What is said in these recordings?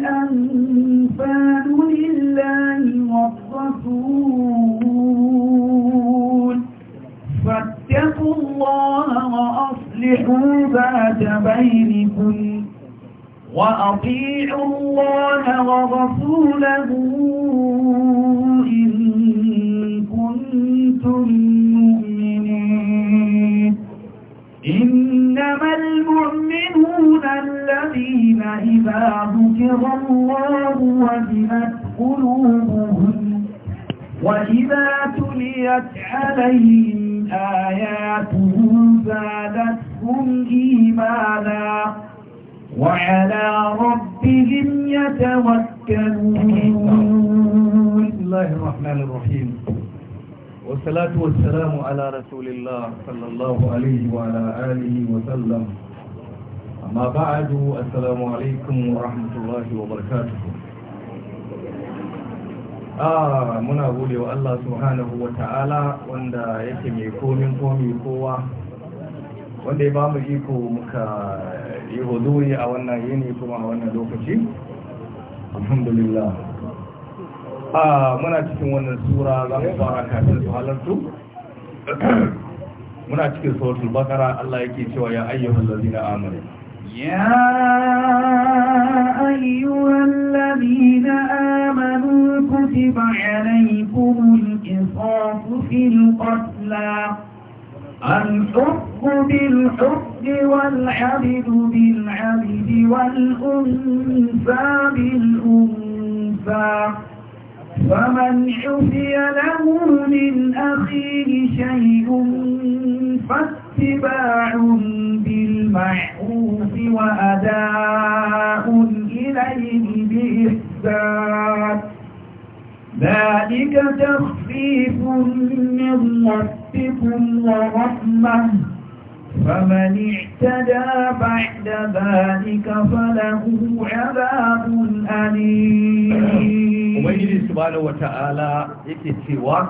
الأنفال لله والرسول فاتقوا الله وأصلحوا ذات بينكم وأطيعوا الله ورسوله إن كنتم إنما المؤمنون الذين إذا ذكر الله وجلت قلوبهم وإذا تليت عليهم آياته زادتهم إيمانا وعلى ربهم يتوكلون بسم الله الرحمن الرحيم والصلاة والسلام على رسول الله صلى الله عليه وعلى آله وسلم أما بعد السلام wa ورحمة wa وبركاته Ah, muna gode wa Allah subhanahu wa ta'ala wanda yake mai komin komi kowa wanda ya bamu iko muka yi huzuri a wannan yini kuma a wannan lokaci alhamdulillah a muna cikin wannan tura za mu fara kafin su halartu muna cikin suratul bakara Allah yake cewa ya ayyuhal ladina amanu ya ayyuhal ladina amanu kutiba alaykumul qisasu fil qatla الحب بالحب والعبد بالعبد والأنثى بالأنثى فمن عفي له من أخيه شيء فاتباع بالمعروف وأداء إليه بإحسان ذلك تخفيف من ربكم ورحمه فمن اعتدى بعد ذلك فله عذاب أليم ومجد سبحانه وتعالى يكتوى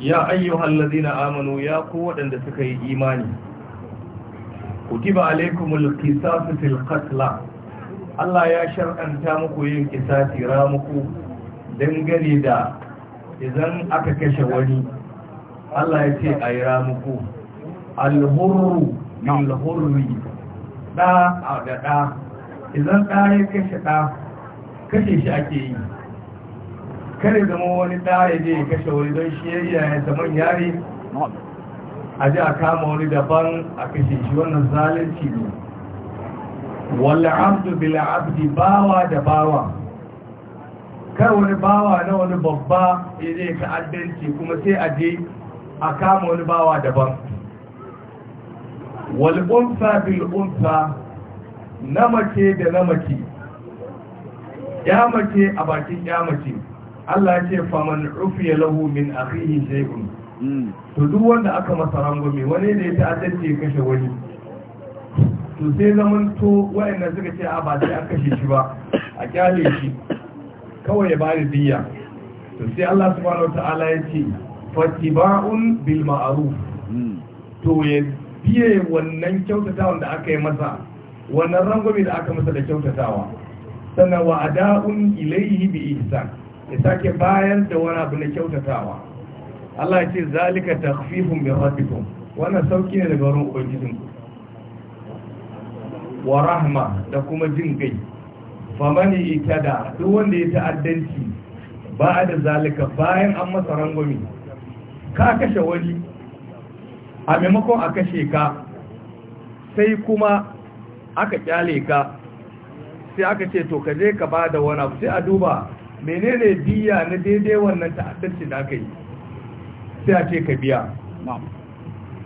يا أيها الذين آمنوا يا قوة عند سكي إيماني كتب عليكم القصاص في القتلى Allah ya shar'anta muku yin kisasi ramuku dangane da idan aka kashe wani Allah ya ce a yi ramuku alhurru bil hurri da da da idan da ya kashe da kashe shi ake yi kare zama wani da ya je ya kashe wani don shi yayya ya zama yare a ji a kama wani daban a kashe shi wannan zalunci ne wala abdu bil abdi bawa da bawa kar wani bawa na wani babba ya je ka'addanci kuma sai a je a kama wani bawa daban wal'unsa bil'unsa na mace da na mace ya mace a bakin ya mace Allah ce faman ya lahu min akhihi shay'un hmm. to duk wanda aka masa rangwame wani da ya ta'addace kashe wani to sai zaman to wayanda suka ce a ba sai an kashe shi ba a kyale shi kawai ya bani diya to sai Allah subhanahu wataala ya ce fatiba'un bil ma'ruf hmm. to biye wannan kyautatawan da aka yi masa wannan rangwame da aka masa da kyautatawa sannan wa ada'un ilaihi bi ihsan ya sake bayan da wani abu na kyautatawa Allah ya ce zalika takhfifun bi rabbikum wannan sauki ne daga wurin ubangijin wa rahma da kuma jin gai famani itada duk wanda ya ta'addanci ba da zalika bayan an masa rangwami. ka kashe wani a maimakon a kashe ka sai kuma aka kyale ka sai aka ce to ka je ka ba da wani abu sai a duba menene biya na daidai wannan ta'addanci da aka yi sai a ce ka biya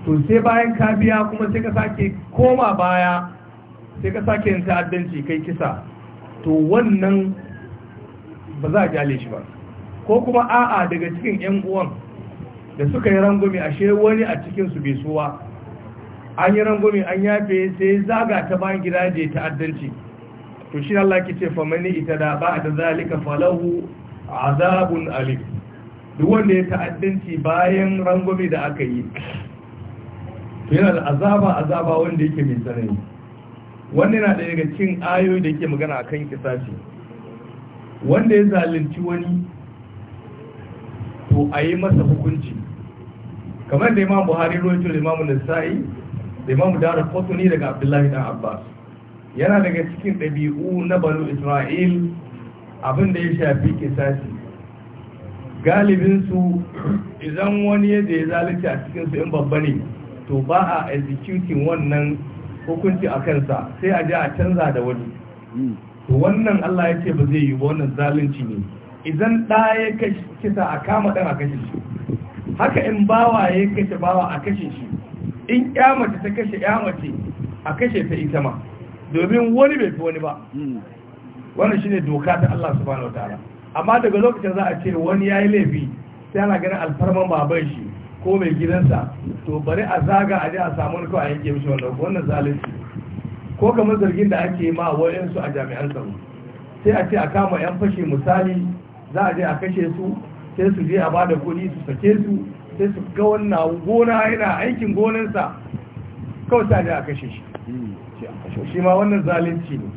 to sai bayan ka biya kuma sai ka sake koma baya sai ka sake yin ta'addanci kai kisa to wannan ba za a kyale shi ba ko kuma a'a daga cikin 'yan uwan da suka yi rangumi ashe wani a cikinsu bai suwa an yi rangumi an yafe sai zaga ta bayan gida da ya ta'addanci to shi Allah ke ce famani ita da ba da zalika falahu azabun alim duk wanda ya ta'addanci bayan rangumi da aka yi to yana da azaba azaba wanda yake mai tsanani wannan yana da daga cin ayoyi da yake magana akan kisaci wanda ya zalunci wani to a yi masa hukunci kamar da imam buhari rojo da imam nisa'i da imam dara kotuni daga abdullahi dan abbas yana daga cikin ɗabi'u na banu isra'il abin da ya shafi kisasi galibinsu idan wani yadda ya zalunci a cikinsu in babba ne to ba a executing wannan hukunci a kansa sai a ji a canza da wani to wannan allah ya ce ba zai yi wannan zalunci ne idan ɗaya ya kisa a kama ɗan a kashe shi haka in bawa ya kashe bawa a kashe shi in mace ta kashe mace a kashe ta ita ma domin wani bai fi wani ba hmm. wannan shine doka ta Allah subhanahu wataala amma daga lokacin za a ce wani ya yi laifi sai ana ganin alfarman baban shi ko mai gidansa to bari a zaga a je a samu wani kawai a yanke mishi wannan wannan zalunci ko kamar zargin da ake ma wayansu a jami'an tsaro sai a ce a kama yan fashe misali za a je a kashe su sai su je a ba da kuɗi su sake su sai su ga wannan gona yana aikin gonansa kawai sa a kashe shi shi ma wannan zalunci ne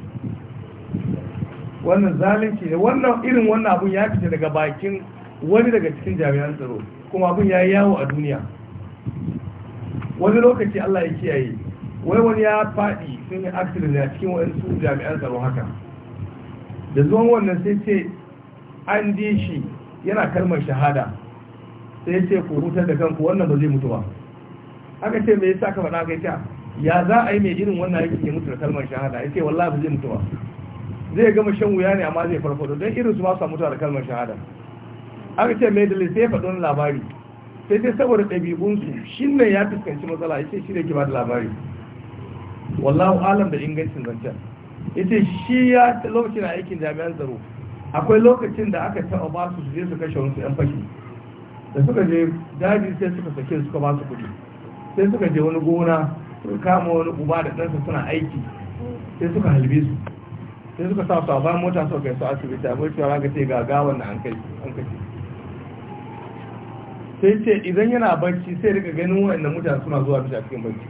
wannan zalunci ne wannan irin wannan abun ya fita daga bakin wani daga cikin jami'an tsaro kuma abun ya yi yawo a duniya wani lokaci Allah ya kiyaye wai wani ya faɗi sun yi aksirin a cikin waɗansu jami'an tsaro haka da zuwan wannan sai ce an di shi yana kalmar shahada sai ce ku hutar da kanku wannan ba zai mutu ba aka ce me yasa ka faɗa ka yace ya za a yi mai irin wannan aikin ya mutu da kalmar shahada Ya ce wallahi ba zai mutu ba zai gama shan wuya ne amma zai farfado don irin su ba su mutuwa da kalmar shahada aka ce mai dalil sai ya faɗi wani labari sai dai saboda ɗabi'unsu shi ne ya fuskanci matsala ya ce shi ne ke ba da labari wallahu alam da ingancin zancen ya ce shi ya lokacin aikin jami'an tsaro akwai lokacin da aka taɓa ba su je su kashe wasu 'yan fashi da suka je daji sai suka sake suka ba su kuɗi sai suka je wani gona suka kama wani uba da ɗansa suna aiki sai suka halbe su sai suka sa su a bayan mota suka kai su asibiti abin cewa ga ce ga gawan na an kai an sai ce idan yana bacci, sai rika ganin wa'annan mutane suna zuwa bisa cikin bacci.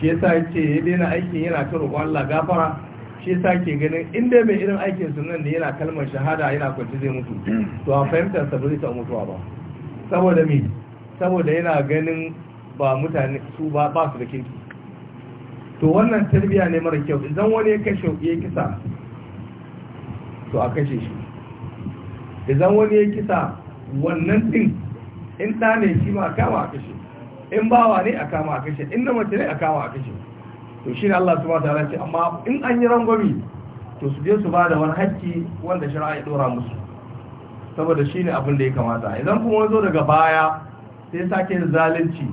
shi yasa ya ce ya daina aikin yana ta roƙon Allah gafara shi yasa ke ganin inda mai irin aikin sunan da yana kalmar shahada yana kwanci zai mutu to a fahimtar sa ba zai mutuwa ba saboda me saboda yana ganin ba mutane su ba ba su da kinki to wannan tarbiya ne mara kyau idan wani ya kashe ya kisa to a kashe shi idan wani ya kisa wannan din in da ne shi ma kama a kashe in bawa ne a kama a kashe in da mace ne a kama a kashe to shi ne Allah subhanahu wa ta'ala ce amma in an yi rangwami to su je su ba da wani hakki wanda shari'a ya dora musu saboda shi ne abin da ya kamata idan kuma wani zo daga baya sai sake zalunci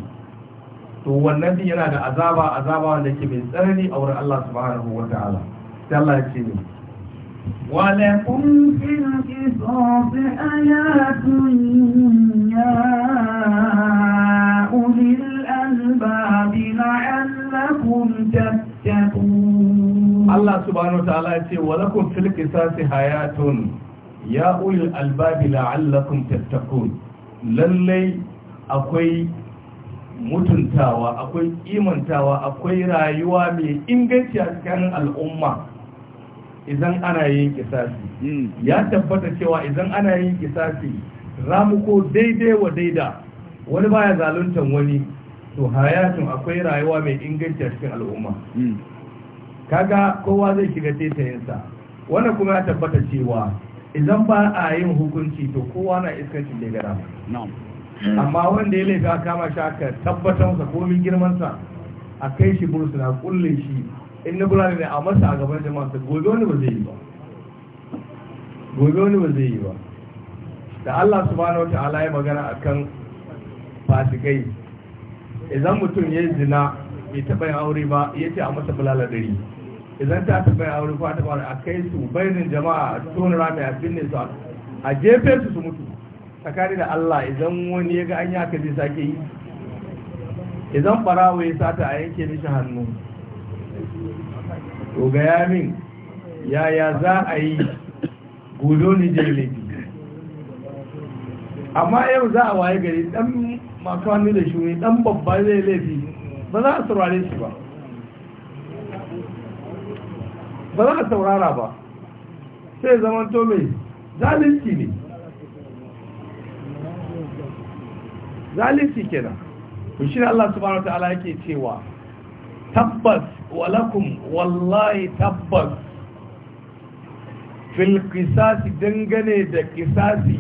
to wannan din yana da azaba azaba wanda ke mai tsanani a wurin Allah subhanahu wa ta'ala sai Allah ya ce ne ولكم في القصاص آيات يا أولي الألباب لعلكم tattaqun Allah subhanahu wa ta'ala ya ce wa lakum fil qisasi hayatun ya ul albabi la'allakum tattaqun lallai akwai mutuntawa akwai imantawa akwai rayuwa mai inganci a cikin al'umma idan ana yin qisasi hmm. ya tabbata cewa idan ana yin ramu ramuko daidai wa daida wani baya zaluntan wani to hayatun akwai rayuwa mai inganci a cikin al'umma hmm. kaga kowa zai shiga tetayensa wannan kuma ya tabbata cewa idan ba a yin hukunci to kowa na iskancin da gara amma wanda ya laifi a kama shi aka tabbatar sa komin girmansa a kai shi na kulle shi in na gurare ne a masa a gaban jama'a gobe wani ba zai yi ba gobe wani ba zai yi ba da Allah subhanahu wa ta'ala ya magana akan fasikai idan mutum ya zina bai taɓa yin aure ba ya ce a masa bulala dari idan ta taɓa yin aure ko a taɓa a kai su bayanin jama'a a tona rami a binne su a jefe su su mutu tsakani da Allah idan wani ya ga an yi haka zai sake yi idan ɓarawo ya sata a yanke mishi hannu to ga yamin yaya za a yi gudo ni jirgin amma yau za a waye gari dan masu hannu da shi dan babba zai laifi ba za a saurare shi ba ba za a saurara ba sai zamanto mai zalunci ne zalunci kenan to shi Allah subhanahu ta'ala yake cewa tabbas walakum wallahi tabbas filkisasi dangane da kisasi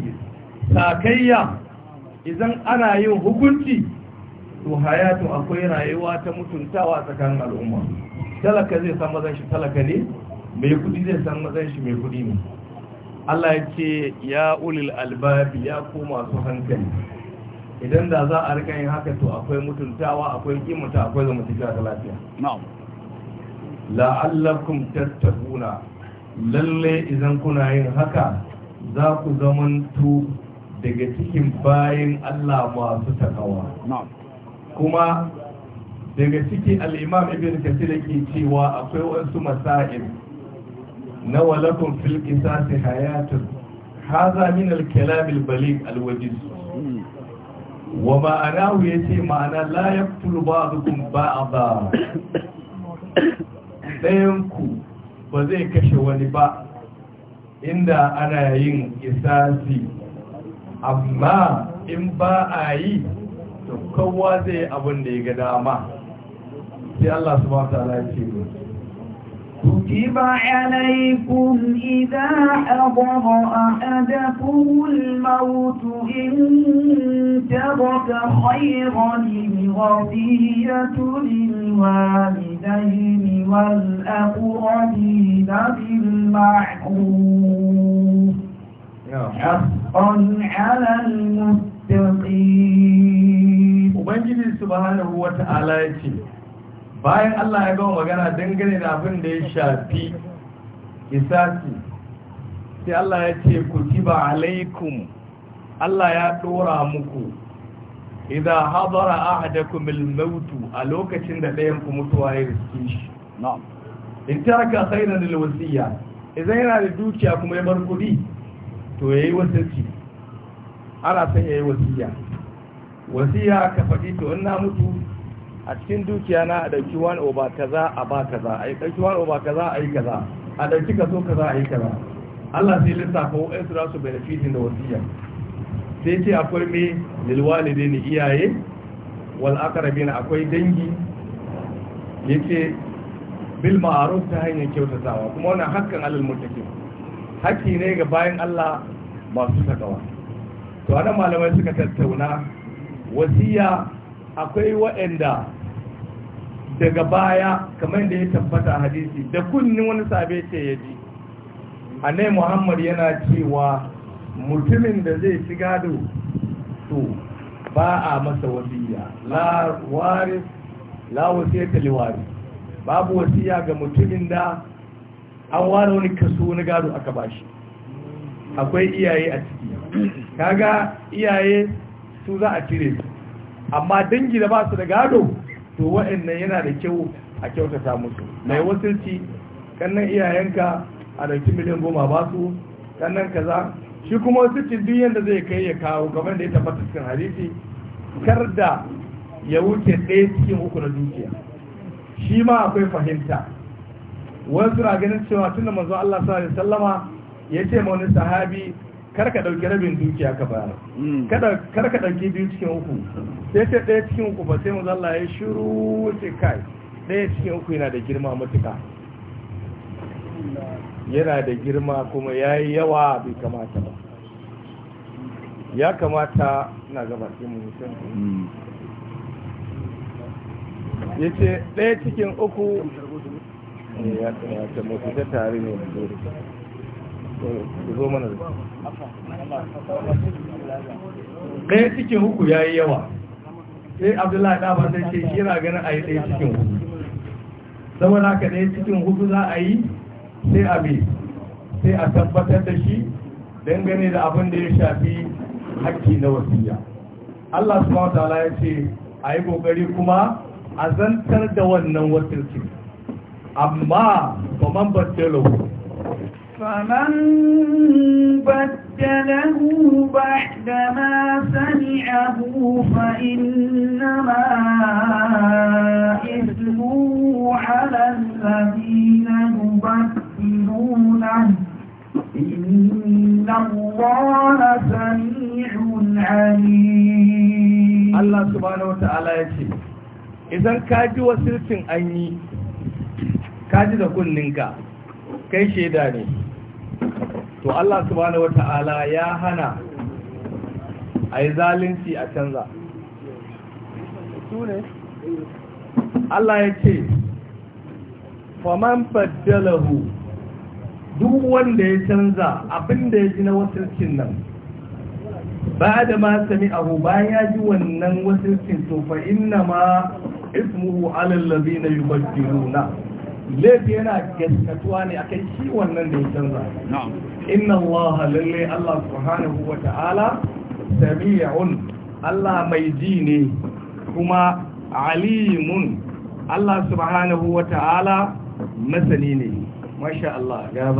sakayya idan ana yin hukunci to hayatu akwai rayuwa ta mutuntawa tsakanin al'umma talaka zai san mazan shi talaka ne mai kudi zai san mazan shi mai kudi ne Allah ya ce ya ulil albabi ya koma masu hankali idan da za a rika yin haka to akwai mutuntawa akwai kimanta akwai zamantakewa ta lafiya na'am la'allakum tattabuna lalle idan kuna yin haka za ku zamantu daga cikin bayin Allah masu takawa kuma daga ciki al'imam ibn kasir ke cewa akwai wasu masa'in. na walakun fil qisasi hayatun haza min al-kalam al-baligh al-wajiz hmm. wa yace ma'ana la yaqtulu Ba ba'dha dayan ku ba zai kashe wani ba inda ana yin qisasi amma in ba a yi to kowa zai abin da ya ga dama sai Allah subhanahu ba ya ce كتب عليكم إذا حضر أحدكم الموت إن ترك خيرا الوصية للوالدين والأقربين بالمعروف ba hana المتقين ubangiji ala ya ce. bayan Allah ya gama magana dangane da abin da ya shafi isasi, sai Allah ya ce ku kutiba alaikum Allah ya ɗora muku idza hadara ahadakum al a lokacin da ɗayan ku mutuwa ya riske shi na'am in taraka khairan lil idan yana da dukiya kuma ya bar kuɗi. to yayi wasirci ana ya yi wasiya wasiya ka faɗi to in na mutu a cikin dukiya na a ɗauki wani oba kaza a ba kaza a ɗauki wani oba kaza a yi kaza a ɗauki kaso kaza a yi kaza Allah sai lissafa wa'in su rasu benefitin da wasiya sai ce akwai mai lilwalide ne iyaye wal akarabi akwai dangi ya bil ma'aruf ta hanyar kyautatawa kuma wannan hakkan alal mutakin haƙƙi ne ga bayan Allah masu takawa to ana malamai suka tattauna wasiya akwai waɗanda daga baya kamar da ya tabbata hadisi da kunni wani sabe ce ya ji anai muhammad yana cewa mutumin da zai shi gado to ba a masa wasiya la waris la ta liwari babu wasiya ga mutumin da an ware wani kaso na gado aka bashi akwai iyaye a ciki kaga iyaye su za a cire su amma dangi da ba su da gado to wa'annan yana da kyau a kyautata musu mai wasilci kannan iyayenka a dauki miliyan goma ba su kannan kaza shi kuma wasilcin duk da zai kai ya kawo kamar da ya tabbata cikin hadisi kar da ya wuce ɗaya cikin uku na dukiya shi ma akwai fahimta wani na ganin cewa da manzo Allah sallallahu alaihi wasallama ya ce ma wani sahabi kar ka dauki rabin dukiya ka bayar hmm. kar ka dauki biyu cikin uku sai ce ɗaya cikin uku ba sai manzo Allah ya shiru ce kai ɗaya cikin uku yana da girma matuka yana da girma kuma ya yi yawa bai kamata ba ya kamata na gaba mutum hmm. ya ce ɗaya cikin uku ya kamata mu tare ne mu zo ku zo mana da ɗaya cikin uku ya yi yawa sai abdullahi ɗabar da ce yana ganin a yi ɗaya cikin Zama saboda haka ɗaya cikin hudu za a yi sai a bi sai a tabbatar da shi dangane da abin da ya shafi haƙƙi na wasiya Allah subhanahu wa ta'ala ya ce a yi kokari kuma a zantar da wannan wakilcin amma ko man battalo faman battalahu ba'da ma sami'ahu fa inna ma ismu 'ala alladhina yubtiluna inna allaha sami'un 'alim Allah subhanahu wa ta'ala yace idan ka ji wasilcin anyi ka ji da kunninka kai shaida ne to Allah subhanahu wata'ala ya hana a yi zalunci a canza Allah ya ce faman faddalahu duk wanda ya canza abinda ya ji na wasirkin nan ba da ma sami abu bayan ya ji wannan wasirkin to fa inna ma ismuhu alallabi na yi laifi yana gaskatuwa ne akan shi wannan da ya canza inna Allah lalle Allah subhanahu wa ta'ala sami'un Allah mai ji ne kuma alimun Allah subhanahu wa ta'ala masani ne masha Allah